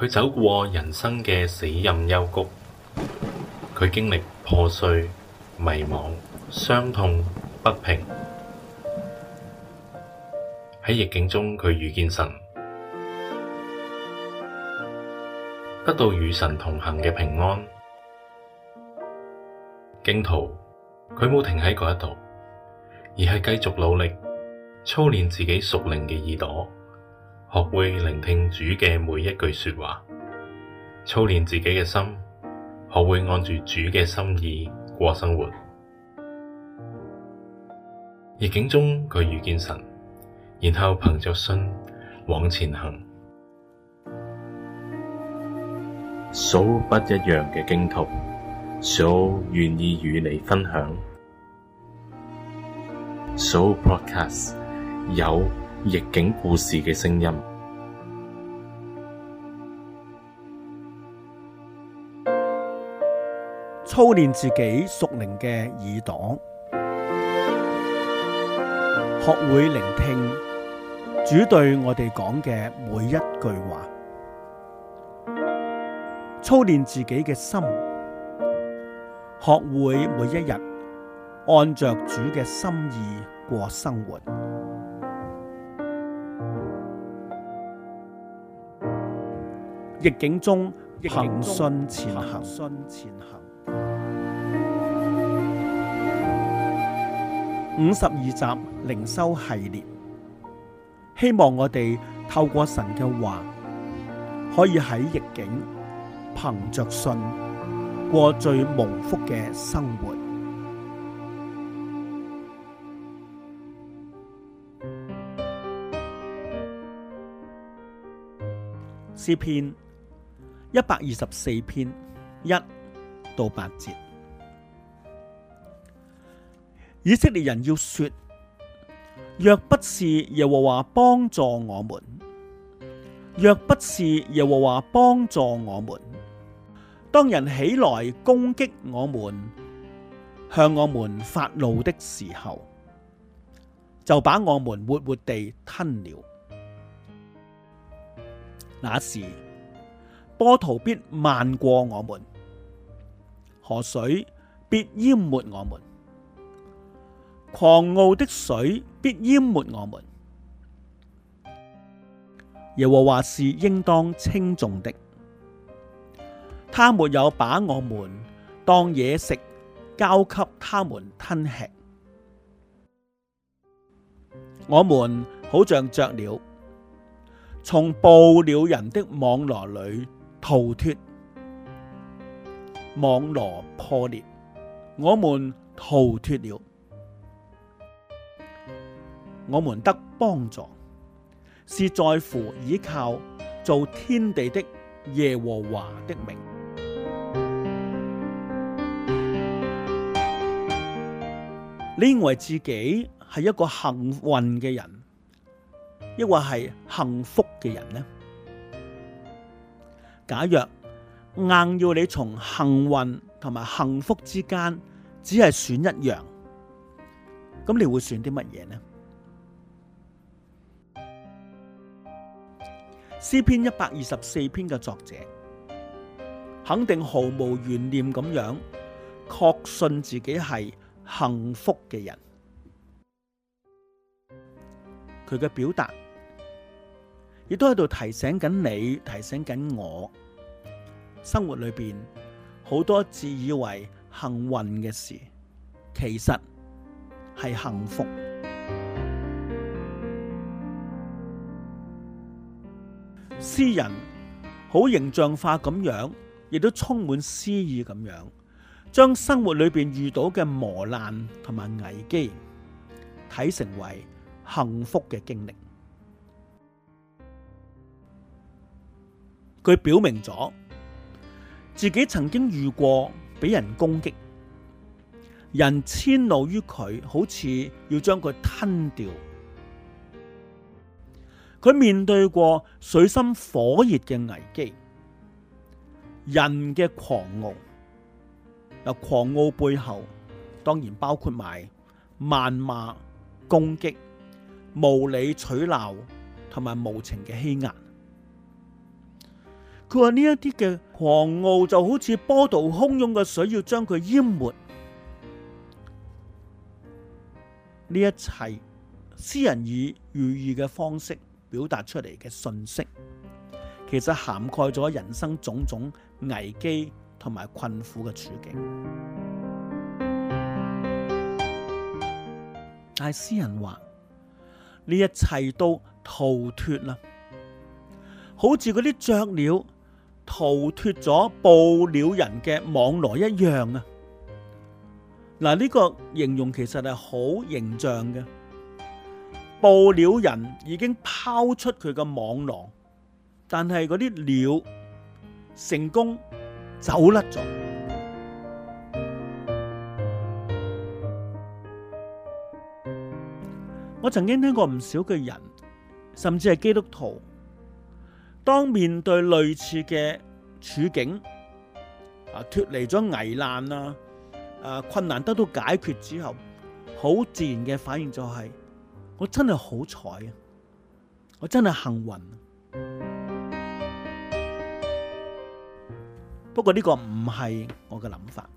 佢走過人生嘅死蔭幽谷，佢經歷破碎、迷茫、傷痛、不平。喺逆境中，佢遇見神，得到與神同行嘅平安。荊徒，佢冇停喺嗰一度，而係繼續努力操練自己屬靈嘅耳朵。學會聆聽主嘅每一句說話，操練自己嘅心，學會按住主嘅心意過生活。逆境中佢遇見神，然後憑着信往前行。數不一樣嘅驚濤，數願意與你分享。數 podcast 有。逆境故事嘅聲音，操練自己屬靈嘅耳朵，學會聆聽主對我哋講嘅每一句話。操練自己嘅心，學會每一日按着主嘅心意過生活。逆境中，憑信前行。五十二集靈修系列，希望我哋透過神嘅話，可以喺逆境，憑着信過最蒙福嘅生活。詩篇。一百二十四篇一到八節，以色列人要說：若不是耶和華幫助我們，若不是耶和華幫助我們，當人起來攻擊我們，向我們發怒的時候，就把我們活活地吞了。那時。波濤必漫過我們，河水必淹沒我們，狂傲的水必淹沒我們。耶和華是應當稱頌的，他沒有把我們當野食交給他們吞吃。我們好像雀鳥，從捕鳥人的網羅裏。逃脫網羅破裂，我們逃脫了，我們得幫助，是在乎依靠做天地的耶和華的名。你認為自己係一個幸運嘅人，抑或係幸福嘅人呢？假若硬要你從幸運同埋幸福之間只係選一樣，咁你會選啲乜嘢呢？詩篇一百二十四篇嘅作者肯定毫無懸念咁樣，確信自己係幸福嘅人。佢嘅表達。亦都喺度提醒緊你，提醒緊我，生活裏邊好多自以為幸運嘅事，其實係幸福。詩人好形象化咁樣，亦都充滿詩意咁樣，將生活裏邊遇到嘅磨難同埋危機，睇成為幸福嘅經歷。佢表明咗自己曾經遇過俾人攻擊，人遷怒於佢，好似要將佢吞掉。佢面對過水深火熱嘅危機，人嘅狂傲，有狂傲背後當然包括埋謾罵、攻擊、無理取鬧同埋無情嘅欺壓。佢話呢一啲嘅狂傲就好似波濤洶湧嘅水要將佢淹沒，呢一切詩人以寓意嘅方式表達出嚟嘅信息，其實涵蓋咗人生種種危機同埋困苦嘅處境。但係詩人話呢一切都逃脫啦，好似嗰啲雀鳥。逃脫咗捕鳥人嘅網羅一樣啊！嗱，呢個形容其實係好形象嘅。捕鳥人已經拋出佢嘅網羅，但係嗰啲鳥成功走甩咗。我曾經聽過唔少嘅人，甚至係基督徒。當面對類似嘅處境啊，脫離咗危難啦，啊，困難得到解決之後，好自然嘅反應就係我真係好彩啊，我真係幸運。不過呢個唔係我嘅諗法。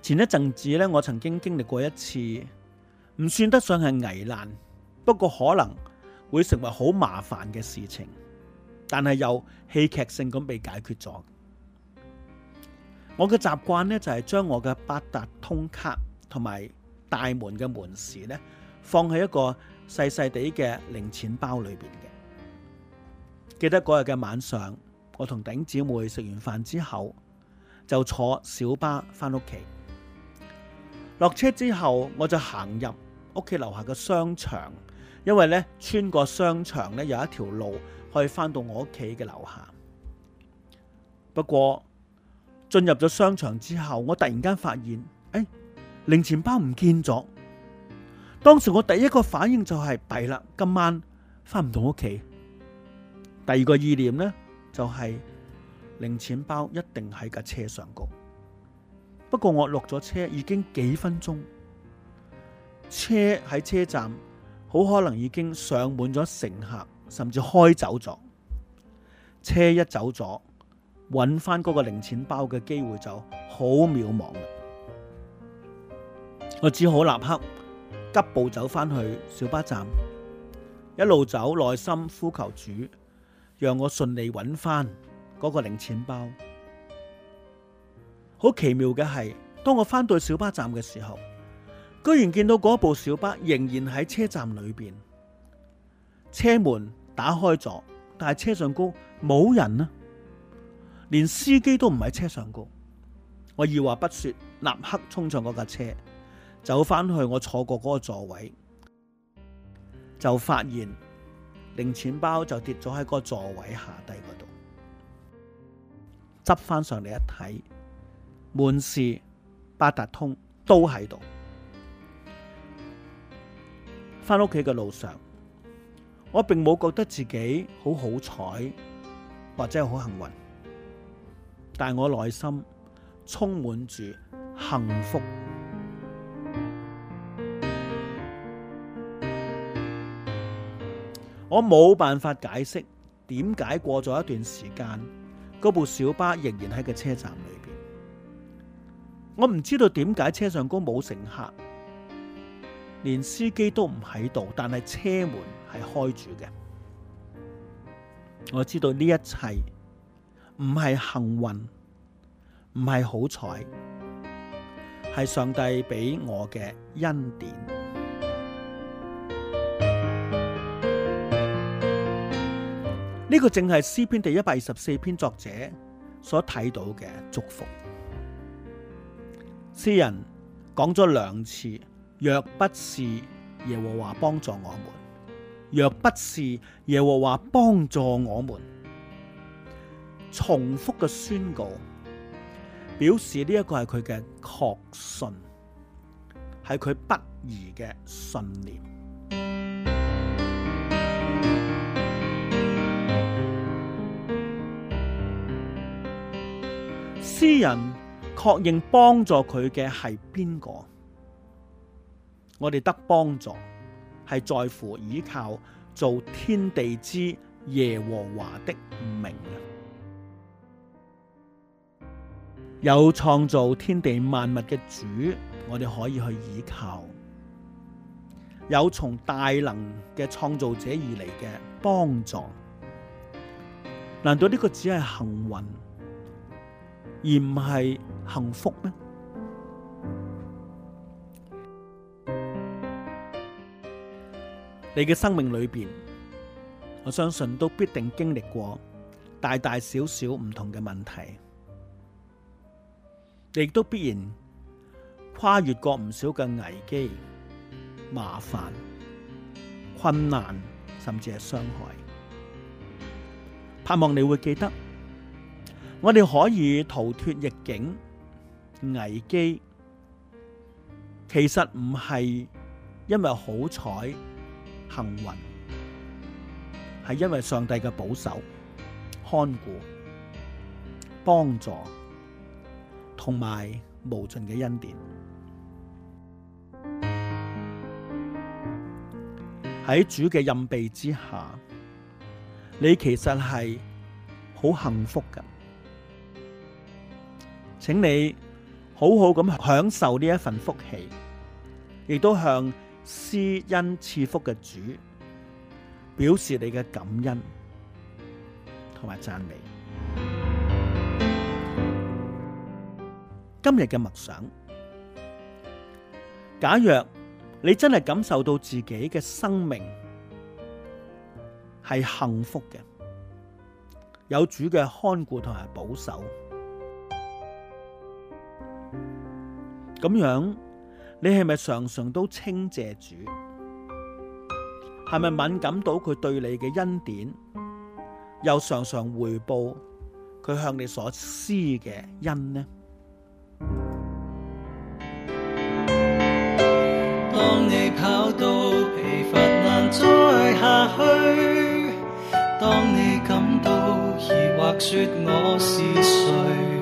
前一陣子呢，我曾經經歷過一次唔算得上係危難，不過可能會成為好麻煩嘅事情。但係又戲劇性咁被解決咗。我嘅習慣呢，就係將我嘅八達通卡同埋大門嘅門匙呢，放喺一個細細地嘅零錢包裏邊嘅。記得嗰日嘅晚上，我同頂姊妹食完飯之後就坐小巴返屋企。落車之後，我就行入屋企樓下嘅商場，因為呢，穿過商場呢有一條路。可以翻到我屋企嘅樓下。不過進入咗商場之後，我突然間發現，誒、哎，零錢包唔見咗。當時我第一個反應就係弊啦，今晚翻唔到屋企。第二個意念呢，就係、是、零錢包一定喺架車上高。不過我落咗車已經幾分鐘，車喺車站，好可能已經上滿咗乘客。甚至開走咗，車一走咗，揾翻嗰個零錢包嘅機會就好渺茫。我只好立刻急步走返去小巴站，一路走，內心呼求主，讓我順利揾翻嗰個零錢包。好奇妙嘅係，當我翻到小巴站嘅時候，居然見到嗰部小巴仍然喺車站裏邊，車門，打開咗，但係車上高冇人吖，連司機都唔喺車上高。我二話不說，立刻衝上嗰架車，走翻去我坐過嗰個座位，就發現零錢包就跌咗喺個座位下底嗰度，執翻上嚟，一睇，滿是八達通，都喺度。翻屋企嘅路上，我並冇覺得自己好好彩或者好幸運，但我內心充滿住幸福。我冇辦法解釋點解過咗一段時間，嗰部小巴仍然喺個車站裏邊。我唔知道點解車上都冇乘客，連司機都唔喺度，但係車門。係開住嘅，我知道呢一切唔係幸運，唔係好彩，係上帝俾我嘅恩典。呢、這個正係詩篇第一百二十四篇作者所睇到嘅祝福。詩人講咗兩次，若不是耶和華幫助我們。若不是耶和華幫助我們，重複嘅宣告，表示呢一個係佢嘅確信，係佢不疑嘅信念。詩人確認幫助佢嘅係邊個？我哋得幫助。係在乎倚靠做天地之耶和華的名。有創造天地萬物嘅主，我哋可以去倚靠；有從大能嘅創造者而嚟嘅幫助。難道呢個只係幸運，而唔係幸福咩？你嘅生命裏邊，我相信都必定經歷過大大小小唔同嘅問題，你亦都必然跨越過唔少嘅危機、麻煩、困難，甚至係傷害。盼望你會記得，我哋可以逃脫逆境、危機，其實唔係因為好彩。幸運係因為上帝嘅保守、看顧、幫助，同埋無盡嘅恩典。喺主嘅蔭庇之下，你其實係好幸福嘅，請你好好咁享受呢一份福氣，亦都向施恩賜福嘅主，表示你嘅感恩同埋讚美。今日嘅默想，假若你真係感受到自己嘅生命係幸福嘅，有主嘅看顧同埋保守，咁樣。你係咪常常都稱謝主？係咪敏感到佢對你嘅恩典，又常常回報佢向你所施嘅恩呢？當你跑到疲乏難再下去，當你感到疑惑說我是誰？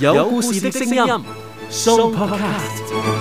有故事的，的聲音 Sooopodcast。